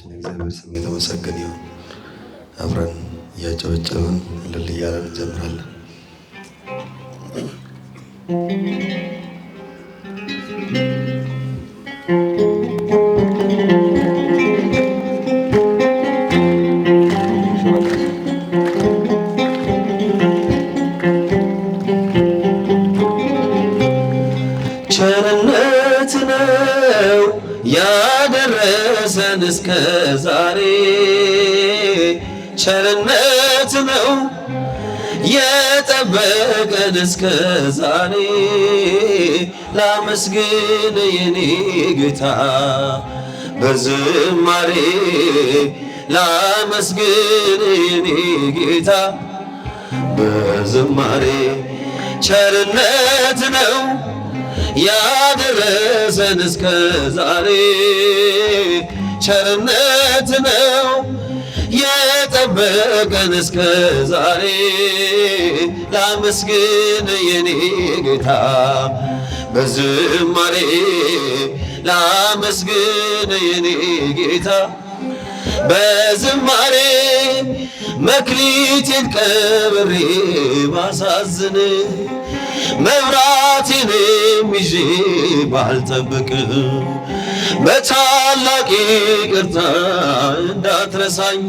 ጌታችን እግዚአብሔር ስም የተመሰገነ ይሁን። አብረን እያጨበጨብን እልል እያለን እንዘምራለን። Thank you. ቸርነት ነው ያደረሰን እስከ ዛሬ ቸርነት ነው የጠበቀን እስከ ዛሬ ላመስግን የኔ ጌታ በዝማሬ ላመስግን የኔ ጌታ በዝማሬ ቸርነት ነው ያደረሰን እስከ ዛሬ ቸርነት ነው የጠበቀን እስከ ዛሬ ላመስግን የኔ ጌታ በዝማሬ ላመስግን የኔ ጌታ በዝማሬ መክሊቴን ቀብሬ ባሳዝን መብራቴንም ይዤ ባልጠብቅ በታላቅ ቅርታ እንዳትረሳኝ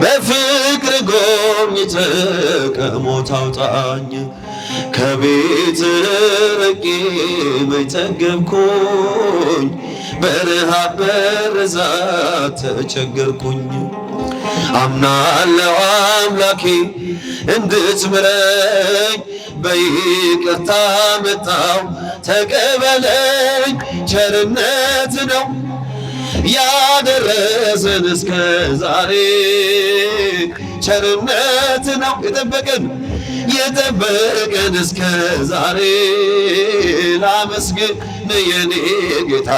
በፍቅር ጎብኝተ ከሞት አውጣኝ ከቤት ርቄ መጠገብኩኝ በረሃ በረዛ ተቸገርኩኝ። አምናለው አምላኬ እንድትምረኝ በይቅርታ መጣው ተቀበለኝ። ቸርነት ነው ያደረሰን እስከ ዛሬ ቸርነት ነው የጠበቀን የጠበቀን እስከ ዛሬ ላመስግን የኔ ጌታ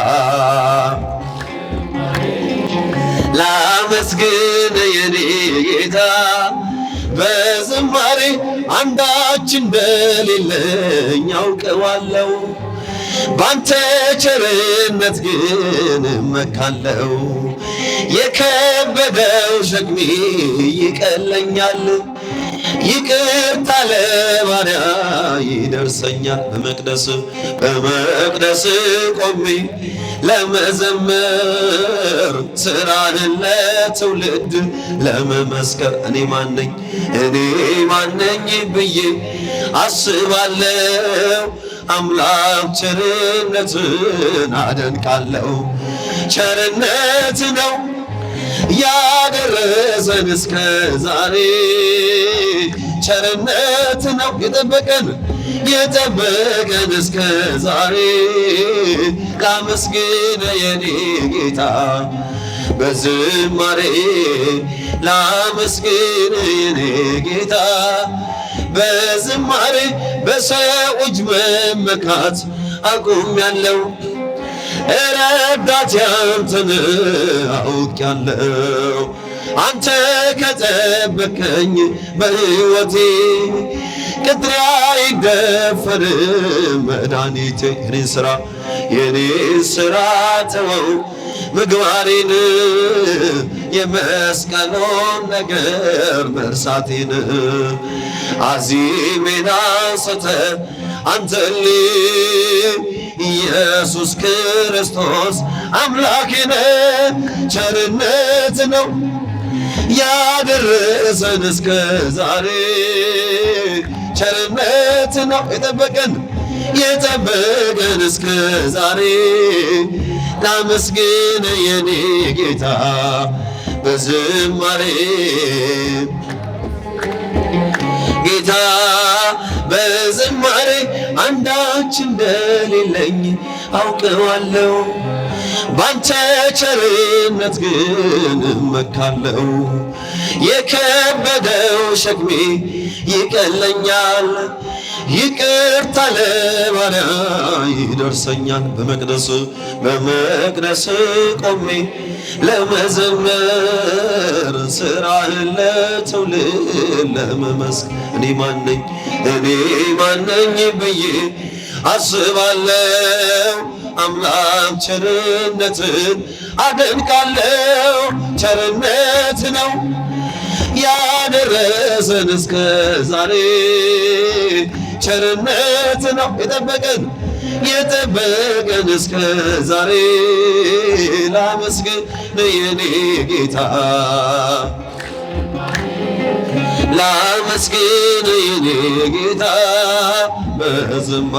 ላመስግን የኔ ጌታ በዝማሬ አንዳች እንደሌለኝ አውቀዋለው ባንተ ቸርነት ግን እመካለሁ። የከበደው ሸግሚ ይቀለኛል። ይቅርታ ለባሪያ ይደርሰኛል። በመቅደስ በመቅደስ ቆሜ ለመዘመር ስራህን ትውልድ ለመመስከር እኔ ማነኝ እኔ ማነኝ ብዬ አስባለው። አምላክ ቸርነትን አደንቃለው። ቸርነት ነው ያደረሰን እስከ ዛሬ ቸርነት ነው የጠበቀን የጠበቀን እስከ ዛሬ ላመስግን የኔ ጌታ በዝማሬ ላመስግን የኔ ጌታ በዝማሬ በሰው እጅ መመካት አቁም ያለው ረዳት ያንተን አውቅ ያለው አንተ ከጠበቀኝ በሕይወቴ ቅጥሬ አይደፈር መድኃኒቴ የኔ ሥራ የኔ ስራ ተወው ምግባሬን የመስቀሉን ነገር መርሳቴን አዚሜን አንስተ አንተሊ ኢየሱስ ክርስቶስ አምላኬን ቸርነት ነው ያደረሰን እስከ ዛሬ ቸርነት ነው የጠበቀን የጠበቀን እስከ ዛሬ ላመስግን የኔ ጌታ በዝማሬ ጌታ በዝማሬ አንዳች እንደሌለኝ አውቀዋለሁ ባንተ ቸርነት ግን እመካለሁ። የከበደው ሸክሜ ይቀለኛል ይቅርታ ለባሪያ ይደርሰኛል። በመቅደስ በመቅደስ ቆሜ ለመዘመር ስራህን ለትውልድ ለመመስክ እኔ ማነኝ እኔ ማነኝ ብዬ አስባለው። አምላክ ቸርነትን አደንቃለው። ቸርነት ነው ያደረሰን እስከ ዛሬ ቸርነት ነው የጠበቀን የጠበቀን እስከ ዛሬ ላመስግን የኔ ጌታ ላመስግን የኔ ጌታ በዝማ